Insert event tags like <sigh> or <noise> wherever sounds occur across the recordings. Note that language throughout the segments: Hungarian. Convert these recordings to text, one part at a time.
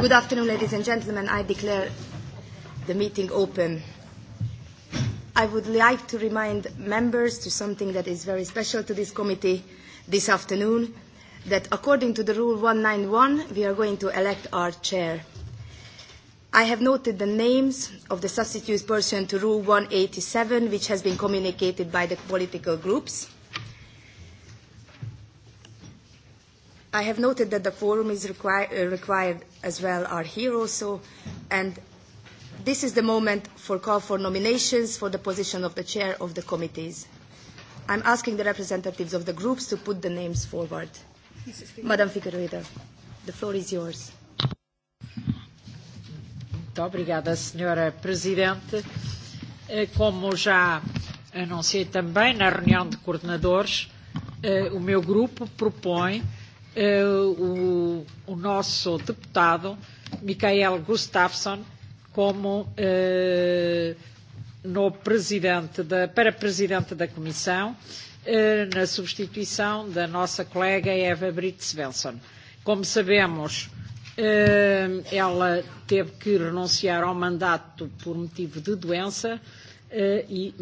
Good afternoon, ladies and gentlemen. I declare the meeting open. I would like to remind members to something that is very special to this committee this afternoon, that according to the rule 191, we are going to elect our chair. I have noted the names of the substitute person to rule 187, which has been communicated by the political groups. I have noted that the quorum is require, uh, required as well are here also. And this is the moment for call for nominations for the position of the chair of the committees. I'm asking the representatives of the groups to put the names forward. Figueredo. Madam Figueiredo, the floor is yours. obrigada, Senhora Presidente. Eh, como já anunciei também na reunião de coordenadores, eh, o meu grupo propõe uh, o, o nosso deputado, Mikael Gustafsson, como uh, no presidente da, para presidente da Comissão, uh, na substituição da nossa colega Eva Brit Svensson. Como sabemos, uh, ela teve que renunciar ao mandato por motivo de doença uh, e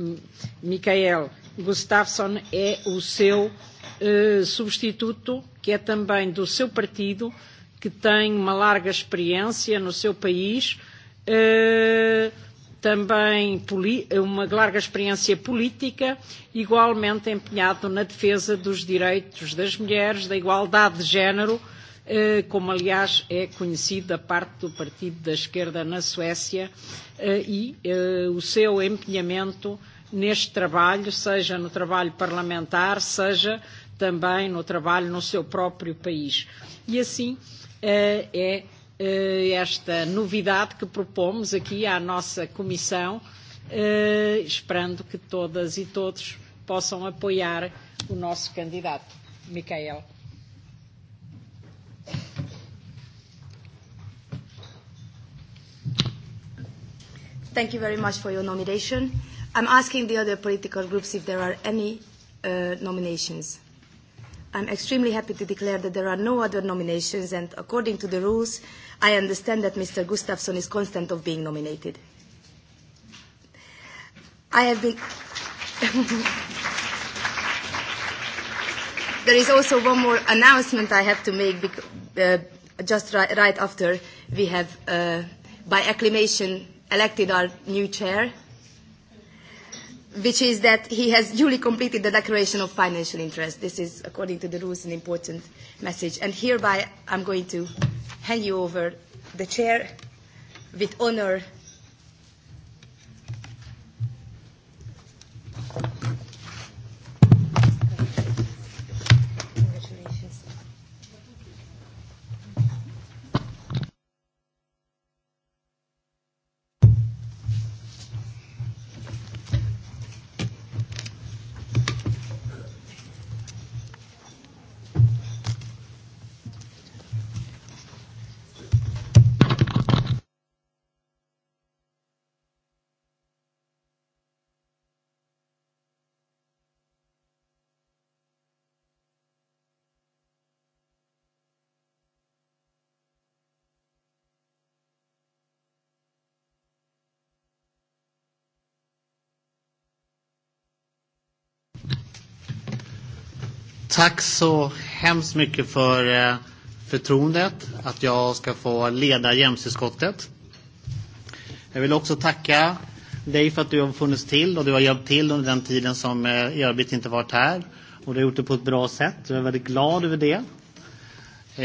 Michael Gustafsson é o seu uh, substituto que é também do seu partido, que tem uma larga experiência no seu país, uh, também uma larga experiência política, igualmente empenhado na defesa dos direitos das mulheres, da igualdade de género, eh, como aliás é conhecido da parte do Partido da Esquerda na Suécia, eh, e o seu empenhamento neste trabalho, seja no trabalho parlamentar, seja também no trabalho no seu próprio país. E assim eh, é eh, esta novidade que propomos aqui à nossa Comissão, eh, esperando que todas e todos possam apoiar o nosso candidato, Micael. Thank you very much for your nomination. I'm asking the other political groups if there are any uh, nominations. I'm extremely happy to declare that there are no other nominations and according to the rules, I understand that Mr. Gustafsson is constant of being nominated. I have been... <laughs> there is also one more announcement I have to make uh, just right, right after we have, uh, by acclamation, elected our new chair, which is that he has duly completed the declaration of financial interest. This is, according to the rules, an important message. And hereby, I'm going to hand you over the chair with honor Tack så hemskt mycket för eh, förtroendet att jag ska få leda jämställdhetsutskottet. Jag vill också tacka dig för att du har funnits till och du har hjälpt till under den tiden som eh, Erbit inte varit här. Och du har gjort det på ett bra sätt. Jag är väldigt glad över det.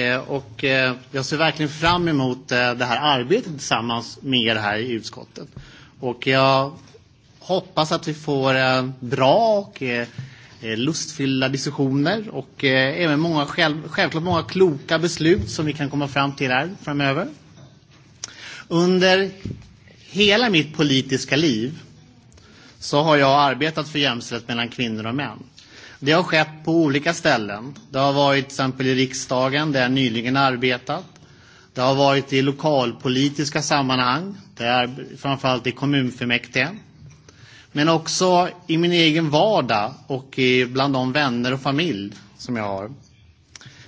Eh, och jag ser verkligen fram emot det här arbetet tillsammans med er här i utskottet. Och jag hoppas att vi får bra och Eh, lustfyllda diskussioner och eh, även många, själv, självklart många kloka beslut som vi kan komma fram till här framöver. Under hela mitt politiska liv så har jag arbetat för jämställdhet mellan kvinnor och män. Det har skett på olika ställen. Det har varit till exempel i riksdagen där jag nyligen arbetat. Det har varit i lokalpolitiska sammanhang, där, framförallt i kommunfullmäktige. Men också i min egen vardag och bland de vänner och familj som jag har.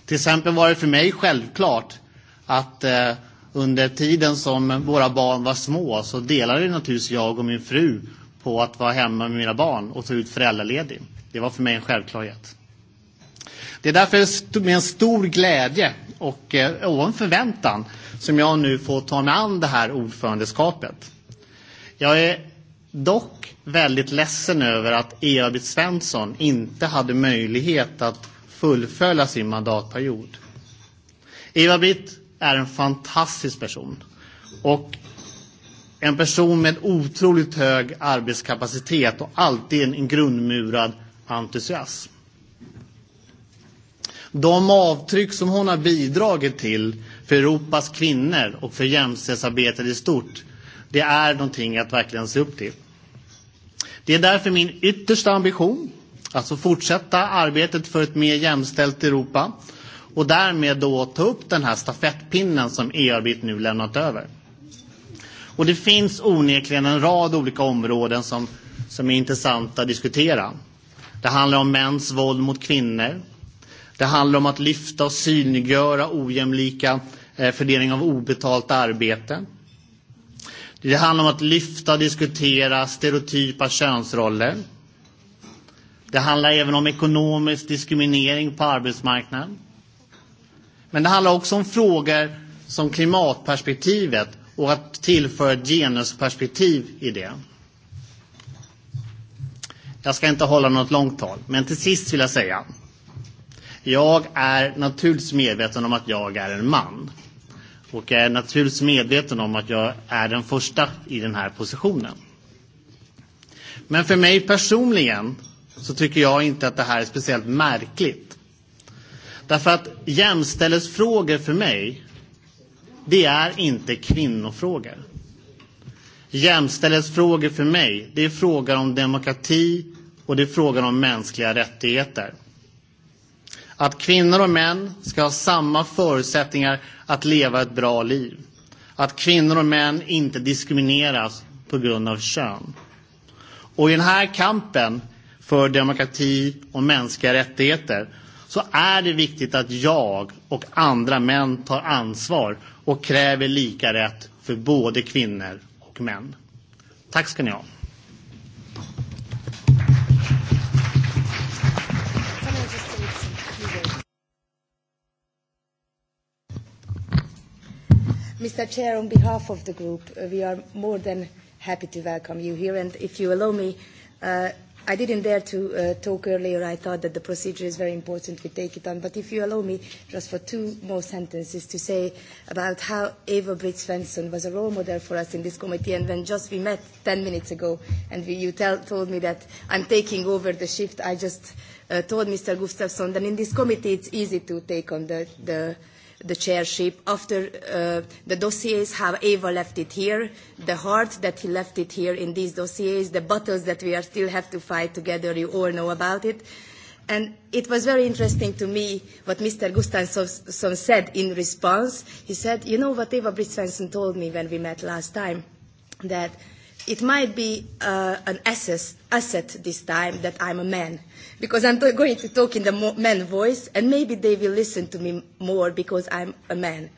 Till exempel var det för mig självklart att eh, under tiden som våra barn var små så delade naturligtvis jag och min fru på att vara hemma med mina barn och ta ut föräldraledig. Det var för mig en självklarhet. Det är därför med en stor glädje och en eh, förväntan som jag nu får ta mig an det här ordförandeskapet. Jag är dock väldigt ledsen över att Edith Svensson inte hade möjlighet att fullfölja sin mandatperiod. Eva-Britt är en fantastisk person och en person med otroligt hög arbetskapacitet och alltid en grundmurad entusiasm. De avtryck som hon har bidragit till för Europas kvinnor och för jämställdhetsarbetet i stort, det är någonting att verkligen se upp till. Det är därför min yttersta ambition att få fortsätta arbetet för ett mer jämställt Europa och därmed då ta upp den här stafettpinnen som EU-arbetet nu lämnat över. Och det finns onekligen en rad olika områden som, som är intressanta att diskutera. Det handlar om mäns våld mot kvinnor. Det handlar om att lyfta och synliggöra ojämlika eh, fördelning av obetalt arbete. Det handlar om att lyfta och diskutera stereotypa könsroller. Det handlar även om ekonomisk diskriminering på arbetsmarknaden. Men det handlar också om frågor som klimatperspektivet och att tillföra ett genusperspektiv i det. Jag ska inte hålla något långt tal, men till sist vill jag säga. Jag är naturligtvis medveten om att jag är en man. Och jag är naturligtvis medveten om att jag är den första i den här positionen. Men för mig personligen så tycker jag inte att det här är speciellt märkligt. Därför att jämställdhetsfrågor för mig, det är inte kvinnofrågor. Jämställdhetsfrågor för mig, det är frågan om demokrati och det är frågan om mänskliga rättigheter. Att kvinnor och män ska ha samma förutsättningar att leva ett bra liv. Att kvinnor och män inte diskrimineras på grund av kön. Och i den här kampen för demokrati och mänskliga rättigheter så är det viktigt att jag och andra män tar ansvar och kräver lika rätt för både kvinnor och män. Tack ska ni ha. Mr. Chair, on behalf of the group, uh, we are more than happy to welcome you here. And if you allow me, uh, I didn't dare to uh, talk earlier. I thought that the procedure is very important. We take it on. But if you allow me, just for two more sentences to say about how Eva Britt Svensson was a role model for us in this committee. And when just we met 10 minutes ago and we, you tell, told me that I'm taking over the shift, I just uh, told Mr. Gustafsson that in this committee it's easy to take on the, the – the chairship after uh, the dossiers, how Eva left it here, the heart that he left it here in these dossiers, the battles that we are still have to fight together, you all know about it. And it was very interesting to me what Mr. Gustafsson said in response. He said, you know what Eva Britt Svensson told me when we met last time, that it might be uh, an assess, asset this time that I'm a man, because I'm going to talk in the mo- man voice, and maybe they will listen to me more because I'm a man.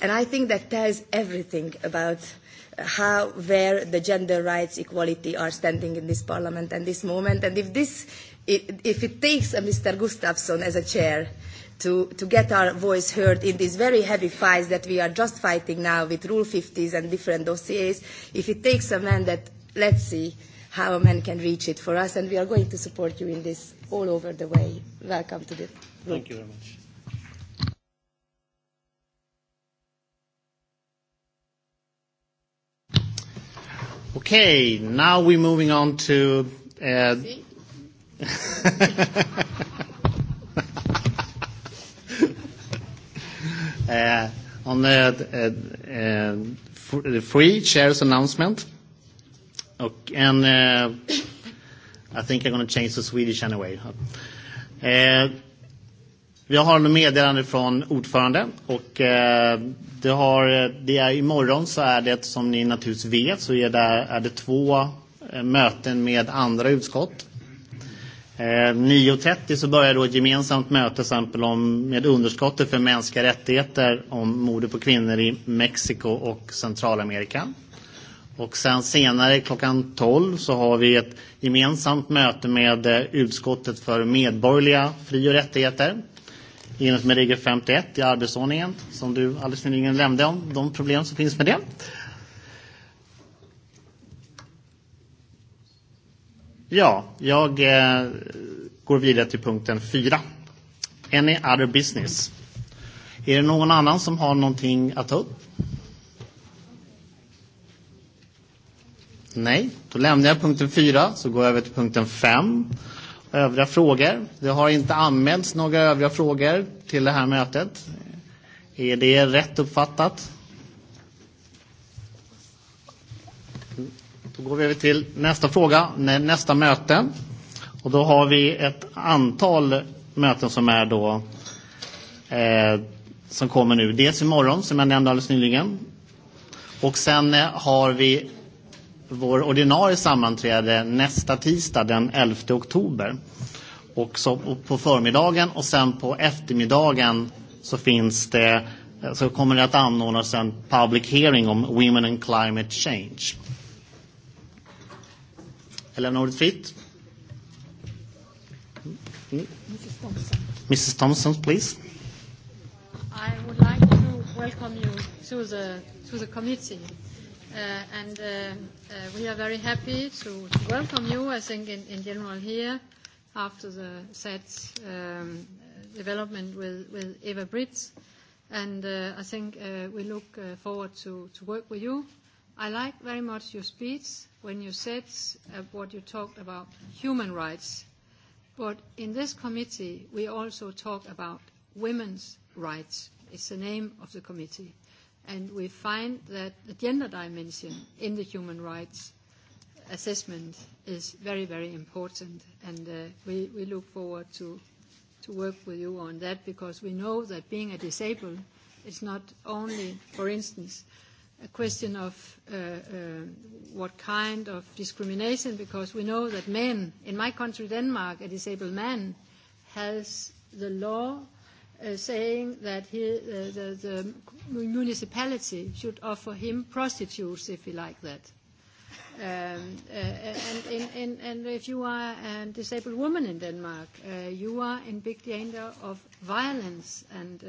And I think that tells everything about uh, how, where the gender rights equality are standing in this parliament at this moment. And if this if it takes a Mr. Gustafsson as a chair to, to get our voice heard in these very heavy fights that we are just fighting now with Rule 50s and different dossiers, if it takes a man that, let's see how a man can reach it for us, and we are going to support you in this all over the way. Welcome to the group. Thank you very much. Okay, now we're moving on to uh, <laughs> Eh, on the uh, uh, free shares announcement, okay, and uh, I think I'm going to change to Swedish anyway. Uh, Vi har en meddelande från ordförande och eh, det, har, det är imorgon så är det som ni naturligtvis vet så är det, är det två möten med andra utskott. 9.30 eh, så börjar då ett gemensamt möte till exempel om, med underskottet för mänskliga rättigheter om mordet på kvinnor i Mexiko och Centralamerika. Och sen senare klockan 12 så har vi ett gemensamt möte med eh, utskottet för medborgerliga fri och rättigheter enligt med regel 51 i arbetsordningen som du alldeles nyligen nämnde om de problem som finns med det. Ja, jag eh, går vidare till punkten 4. Any other business? Är det någon annan som har någonting att ta upp? Nej, då lämnar jag punkten 4 så går jag över till punkten 5. Övriga frågor. Det har inte anmälts några övriga frågor till det här mötet. Är det rätt uppfattat? Då går vi över till nästa fråga, nästa möte. Och då har vi ett antal möten som är då eh, som kommer nu. Dels imorgon, som jag nämnde alldeles nyligen. Och sen eh, har vi vår ordinarie sammanträde nästa tisdag den 11 oktober. Och så, och på förmiddagen och sen på eftermiddagen så finns det eh, så kommer det att anordnas en public hearing om Women and Climate Change. Jag lämnar ordet fritt. Mm. Mrs. Thompson. please. I would like to welcome you to the, to the committee. Uh, and uh, uh, we are very happy to, to welcome you, I think, in, in general here after the set um, development with, with Eva Britz, And uh, I think uh, we look uh, forward to, to work with you I like very much your speech when you said uh, what you talked about human rights. But in this committee, we also talk about women's rights. It's the name of the committee. And we find that the gender dimension in the human rights assessment is very, very important. And uh, we, we look forward to, to work with you on that because we know that being a disabled, is not only, for instance, a question of uh, uh, what kind of discrimination, because we know that men, in my country, Denmark, a disabled man has the law uh, saying that he, uh, the, the municipality should offer him prostitutes if he like that. Um, uh, and, and, and, and if you are a disabled woman in Denmark, uh, you are in big danger of violence and uh,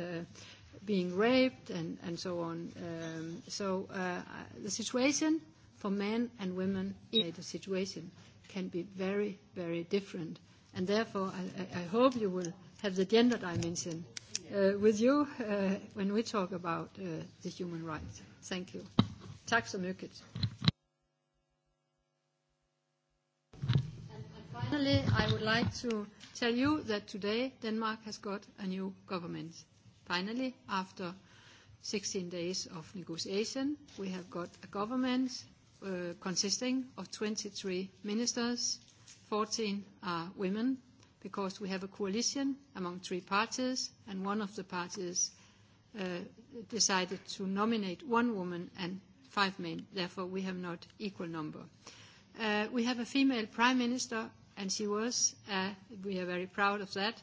being raped and, and so on. Um, so uh, the situation for men and women, the situation can be very, very different. And therefore, I, I hope you will have the gender dimension uh, with you uh, when we talk about uh, the human rights. Thank you. Tak så mycket. Finally, I would like to tell you that today Denmark has got a new government. Finally, after 16 days of negotiation, we have got a government uh, consisting of 23 ministers, 14 are women, because we have a coalition among three parties, and one of the parties uh, decided to nominate one woman and five men. Therefore, we have not equal number. Uh, we have a female prime minister, and she was, uh, we are very proud of that,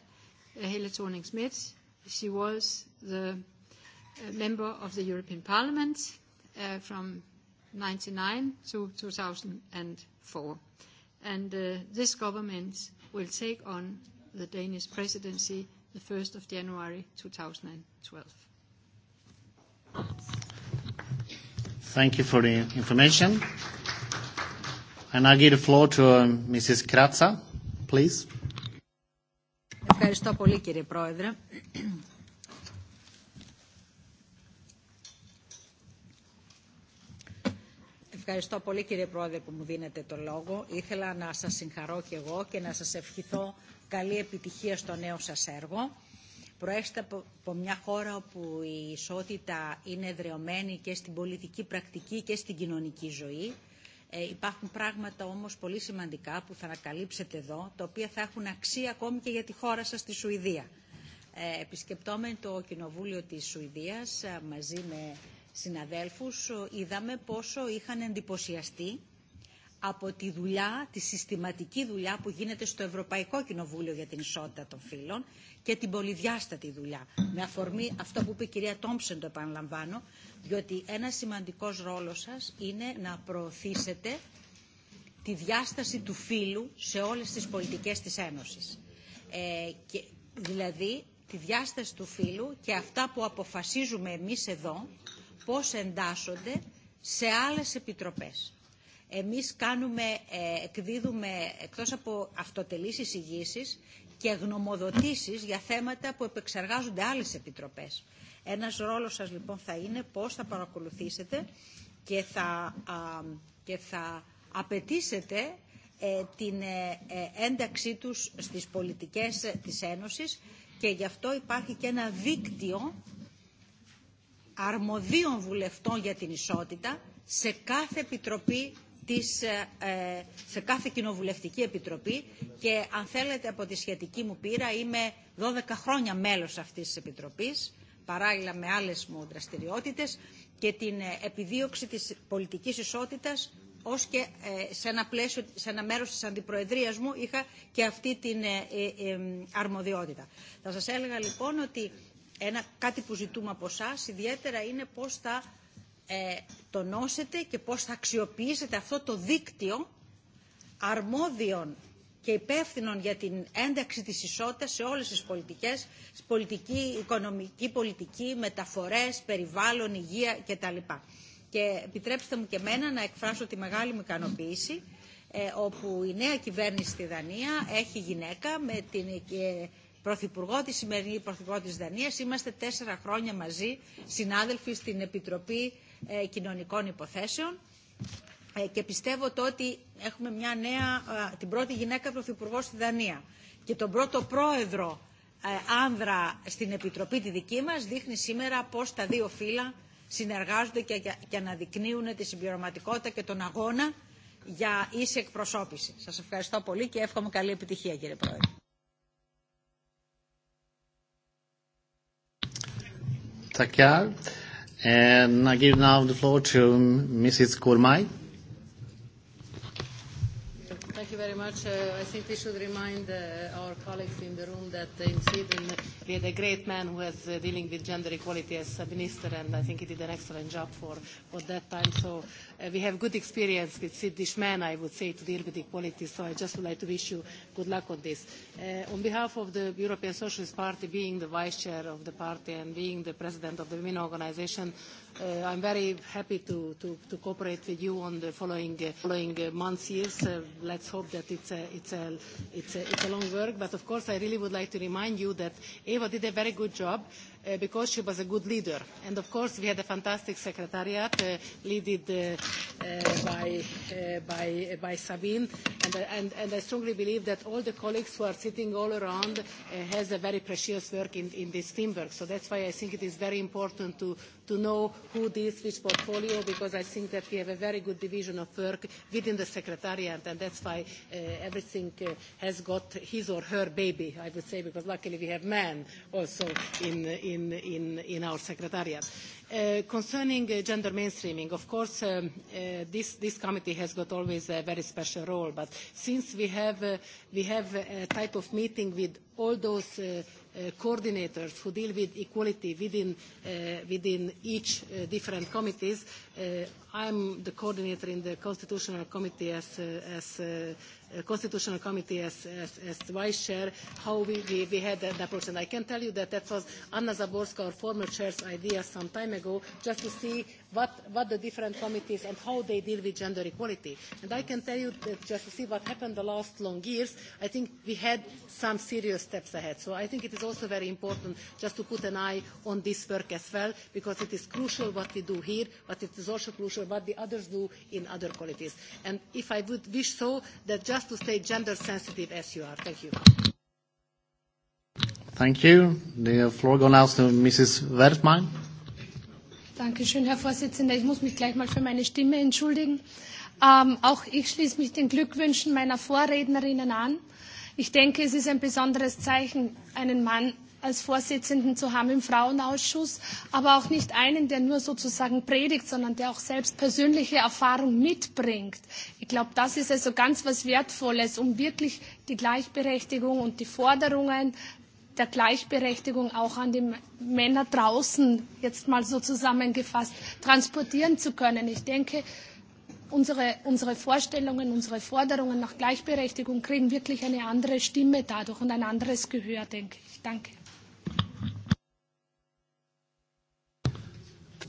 uh, Helle Thorning-Schmidt, She was the uh, member of the European Parliament uh, from 1999 to 2004. And uh, this government will take on the Danish presidency the 1st of January 2012. Thank you for the information. And I give the floor to uh, um, Mrs. Kratza, please. Ευχαριστώ πολύ κύριε Πρόεδρε. Ευχαριστώ πολύ κύριε Πρόεδρε που μου δίνετε το λόγο. Ήθελα να σας συγχαρώ και εγώ και να σας ευχηθώ καλή επιτυχία στο νέο σας έργο. Προέρχεστε από μια χώρα όπου η ισότητα είναι εδρεωμένη και στην πολιτική πρακτική και στην κοινωνική ζωή. Ε, υπάρχουν πράγματα όμως πολύ σημαντικά που θα ανακαλύψετε εδώ, τα οποία θα έχουν αξία ακόμη και για τη χώρα σας, τη Σουηδία επισκεπτόμενο το Κοινοβούλιο της Σουηδίας μαζί με συναδέλφους, είδαμε πόσο είχαν εντυπωσιαστεί από τη δουλειά, τη συστηματική δουλειά που γίνεται στο Ευρωπαϊκό Κοινοβούλιο για την Ισότητα των Φύλων και την πολυδιάστατη δουλειά. Με αφορμή αυτό που είπε η κυρία Τόμψεν, το επαναλαμβάνω, διότι ένα σημαντικός ρόλος σας είναι να προωθήσετε τη διάσταση του φύλου σε όλες τις πολιτικές της Ένωσης. Ε, και, δηλαδή τη διάσταση του φύλου και αυτά που αποφασίζουμε εμείς εδώ, πώς εντάσσονται σε άλλες επιτροπές. Εμείς κάνουμε, ε, εκδίδουμε, εκτός από αυτοτελείς εισηγήσει και γνωμοδοτήσεις για θέματα που επεξεργάζονται άλλες επιτροπές. Ένας ρόλος σας λοιπόν θα είναι πώς θα παρακολουθήσετε και θα, α, και θα απαιτήσετε ε, την ε, ένταξή τους στις πολιτικές της Ένωσης και γι' αυτό υπάρχει και ένα δίκτυο αρμοδίων βουλευτών για την ισότητα σε κάθε επιτροπή της, σε κάθε κοινοβουλευτική επιτροπή και αν θέλετε από τη σχετική μου πείρα είμαι 12 χρόνια μέλος αυτής της επιτροπής παράλληλα με άλλες μου δραστηριότητες και την επιδίωξη της πολιτικής ισότητας ως και ε, σε, ένα πλαίσιο, σε ένα μέρος της αντιπροεδρίας μου είχα και αυτή την ε, ε, ε, αρμοδιότητα. Θα σας έλεγα λοιπόν ότι ένα, κάτι που ζητούμε από εσά ιδιαίτερα είναι πώς θα ε, τονώσετε και πώς θα αξιοποιήσετε αυτό το δίκτυο αρμόδιων και υπεύθυνων για την ένταξη της ισότητας σε όλες τις πολιτικές, πολιτική, οικονομική πολιτική, μεταφορές, περιβάλλον, υγεία κτλ. Και επιτρέψτε μου και μένα να εκφράσω τη μεγάλη μου ικανοποίηση ε, όπου η νέα κυβέρνηση στη Δανία έχει γυναίκα με την ε, πρωθυπουργό τη σημερινή πρωθυπουργό της Δανίας. Είμαστε τέσσερα χρόνια μαζί συνάδελφοι στην Επιτροπή ε, Κοινωνικών Υποθέσεων ε, και πιστεύω το ότι έχουμε μια νέα, ε, την πρώτη γυναίκα πρωθυπουργό στη Δανία και τον πρώτο πρόεδρο ε, άνδρα στην Επιτροπή τη δική μας δείχνει σήμερα πώς τα δύο φύλλα συνεργάζονται και, και, και αναδεικνύουν τη συμπληρωματικότητα και τον αγώνα για ίση εκπροσώπηση. Σας ευχαριστώ πολύ και εύχομαι καλή επιτυχία κύριε Πρόεδρε. Tackar. And I give now the floor to Mrs. Gourmay. Thank you very much. Uh, I think we should remind uh, our colleagues in the room that in Sweden we had a great man who was uh, dealing with gender equality as a minister, and I think he did an excellent job for, for that time. So uh, we have good experience with Swedish men, I would say, to deal with equality. So I just would like to wish you good luck on this. Uh, on behalf of the European Socialist Party, being the vice chair of the party and being the president of the women organization, uh, I'm very happy to, to, to cooperate with you on the following, uh, following uh, months, years. Uh, let's hope that it's a, it's, a, it's, a, it's a long work. But of course, I really would like to remind you that April Eva did a very good job. Uh, because she was a good leader. And of course, we had a fantastic secretariat, uh, led uh, uh, by, uh, by, uh, by Sabine. And, and, and I strongly believe that all the colleagues who are sitting all around uh, has a very precious work in, in this teamwork. So that's why I think it is very important to, to know who deals with portfolio, because I think that we have a very good division of work within the secretariat, and that's why uh, everything uh, has got his or her baby, I would say, because luckily we have men also in, in in, in, in our secretariat. Uh, concerning uh, gender mainstreaming, of course, um, uh, this, this committee has got always a very special role, but since we have, uh, we have a type of meeting with all those uh, Uh, coordinators who deal with equality within, uh, within each uh, different committees. Uh, I'm the coordinator in the Constitutional Committee as, uh, as uh, uh, constitutional committee as, as, as vice chair, how we, we, we had that approach. And I can tell you that that was Anna Zaborska, our former chair's idea some time ago, just to see what, what the different committees and how they deal with gender equality. And I can tell you that just to see what happened the last long years, I think we had some serious steps ahead. So I think it is also very important just to put an eye on this work as well, because it is crucial what we do here, but it is also crucial what the others do in other qualities. And if I would wish so, that just just to stay gender sensitive as you are. Thank you. Thank you. The floor goes now to Mrs. Wertmann. Danke schön, Herr Vorsitzender. Ich muss mich gleich mal für meine Stimme entschuldigen. Ähm, auch ich schließe mich den Glückwünschen meiner Vorrednerinnen an. Ich denke, es ist ein besonderes Zeichen, einen Mann als Vorsitzenden zu haben im Frauenausschuss, aber auch nicht einen, der nur sozusagen predigt, sondern der auch selbst persönliche Erfahrung mitbringt. Ich glaube, das ist also ganz was Wertvolles, um wirklich die Gleichberechtigung und die Forderungen der Gleichberechtigung auch an die Männer draußen jetzt mal so zusammengefasst transportieren zu können. Ich denke, unsere, unsere Vorstellungen, unsere Forderungen nach Gleichberechtigung kriegen wirklich eine andere Stimme dadurch und ein anderes Gehör, denke ich. Danke.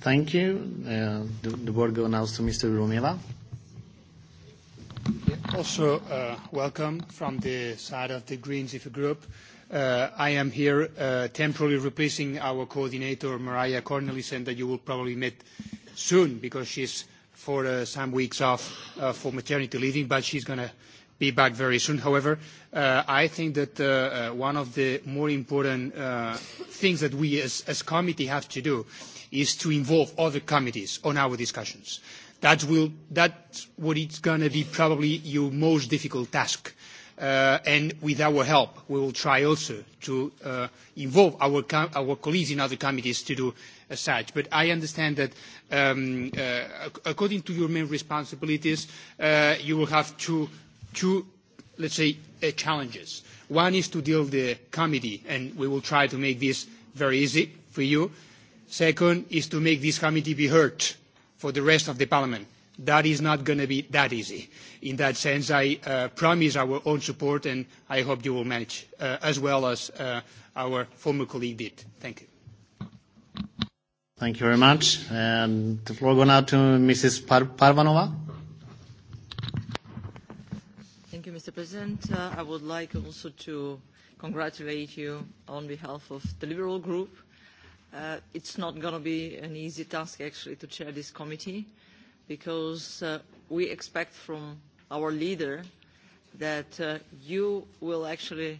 Thank you. Uh, the, the word goes now to Mr. Romeva. Also, uh, welcome from the side of the Greens IFE Group. Uh, I am here uh, temporarily replacing our coordinator, Mariah Cornelissen, that you will probably meet soon because she's for uh, some weeks off uh, for maternity leaving, but she's to be back very soon. However, uh, I think that uh, uh, one of the more important uh, things that we as, as committee have to do is to involve other committees on our discussions. That will, that's what it's going to be probably your most difficult task. Uh, and with our help, we will try also to uh, involve our, our colleagues in other committees to do as such. But I understand that um, according to your main responsibilities, you will have to two, let's say, uh, challenges. One is to deal the committee, and we will try to make this very easy for you. Second is to make this committee be heard for the rest of the parliament. That is not going to be that easy. In that sense, I uh, promise our own support, and I hope you will manage uh, as well as uh, our former colleague did. Thank you. Thank you very much. and the floor goes now to Mrs. Par Parvanova. Mr. President. Uh, I would like also to congratulate you on behalf of the Liberal Group. Uh, it's not gonna be an easy task, actually, to chair this committee because uh, we expect from our leader that you will actually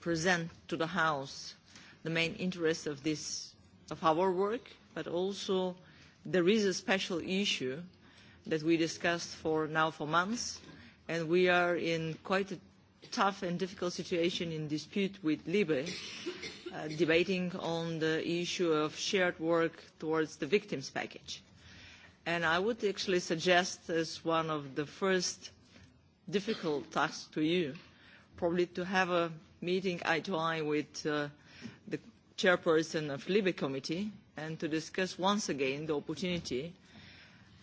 present to the House the main interest of, this, of our work, but also there is a special issue that we discussed for now for months, and we are in quite a tough and difficult situation in dispute with Libe, uh, debating on the issue of shared work towards the victims package. And I would actually suggest as one of the first difficult tasks to you, probably to have a meeting eye to eye with uh, the chairperson of Libe committee and to discuss once again the opportunity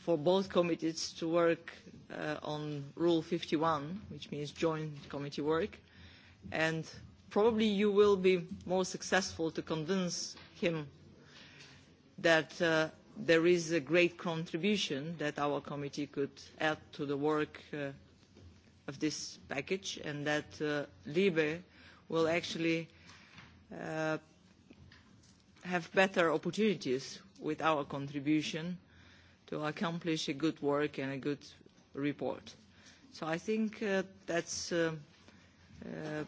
for both committees to work uh, on Rule 51, which means joint committee work, and probably you will be more successful to convince him that uh, there is a great contribution that our committee could add to the work uh, of this package and that uh, Libe will actually uh, have better opportunities with our contribution to accomplish a good work and a good report. So I think uh, that's uh, uh,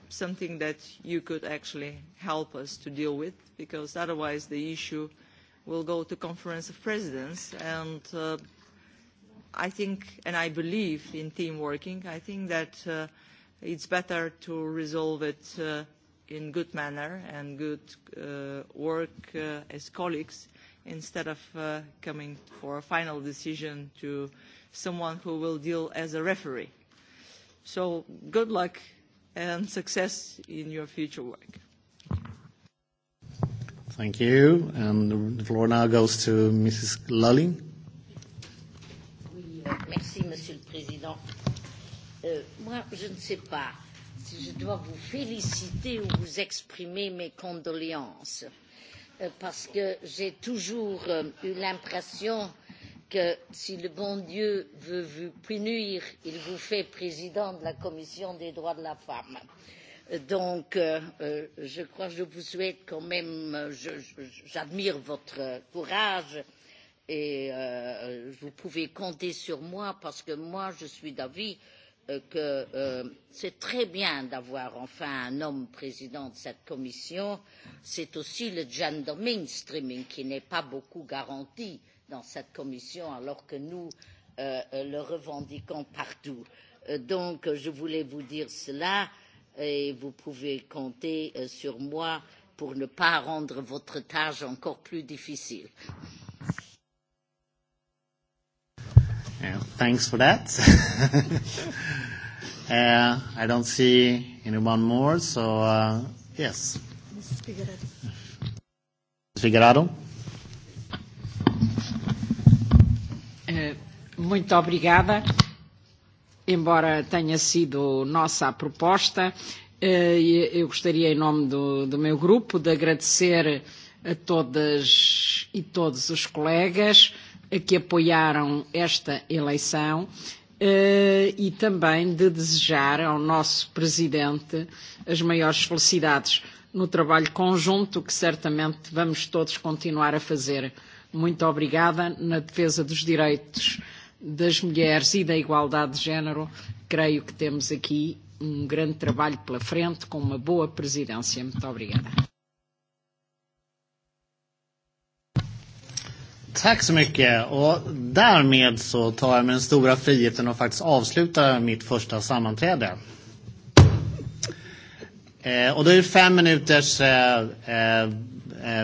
something that you could actually help us to deal with, because otherwise the issue will go to Conference of Presidents. And uh, I think, and I believe in team working, I think that uh, it's better to resolve it uh, in good manner and good uh, work uh, as colleagues instead of uh, coming for a final decision to uh, someone who will deal as a referee. So good luck and success in your future work. Thank you. And the floor now goes to Mrs. Lulling. Oui, euh, merci, Monsieur le Président. Euh, moi, je ne sais pas si je dois vous féliciter ou vous exprimer mes condoléances, euh, parce que j'ai toujours euh, eu l'impression euh, que si le bon Dieu veut vous punir, il vous fait président de la Commission des droits de la femme. Donc, euh, euh je crois que je vous souhaite quand même, euh, j'admire votre courage et euh, vous pouvez compter sur moi parce que moi, je suis d'avis euh, que euh, c'est très bien d'avoir enfin un homme président de cette commission. C'est aussi le gender mainstreaming qui n'est pas beaucoup garanti euh, dans cette commission alors que nous euh, le revendiquons partout. Euh, donc je voulais vous dire cela et vous pouvez compter euh, sur moi pour ne pas rendre votre tâche encore plus difficile. Uh, thanks for that. <laughs> uh, I don't see anyone more, so uh, yes. Mrs. Figueroa. Figueroa. Muito obrigada. Embora tenha sido nossa a proposta, eh, e eu gostaria, em nome do, do meu grupo, de agradecer a todas e todos os colegas que apoiaram esta eleição eh, e também de desejar ao nosso presidente as maiores felicidades no trabalho conjunto que certamente vamos todos continuar a fazer. Muito obrigada na defesa dos direitos das mulheres e da igualdade de género, creio que temos aqui um grande trabalho pela frente com uma boa presidência. Muito obrigada. Tack så mycket. Och därmed så tar jag mig den stora friheten och faktiskt avsluta mitt första sammanträde. Eh, och då är det fem minuters eh, eh,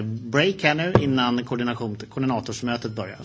break här nu innan koordinationsmötet börjar.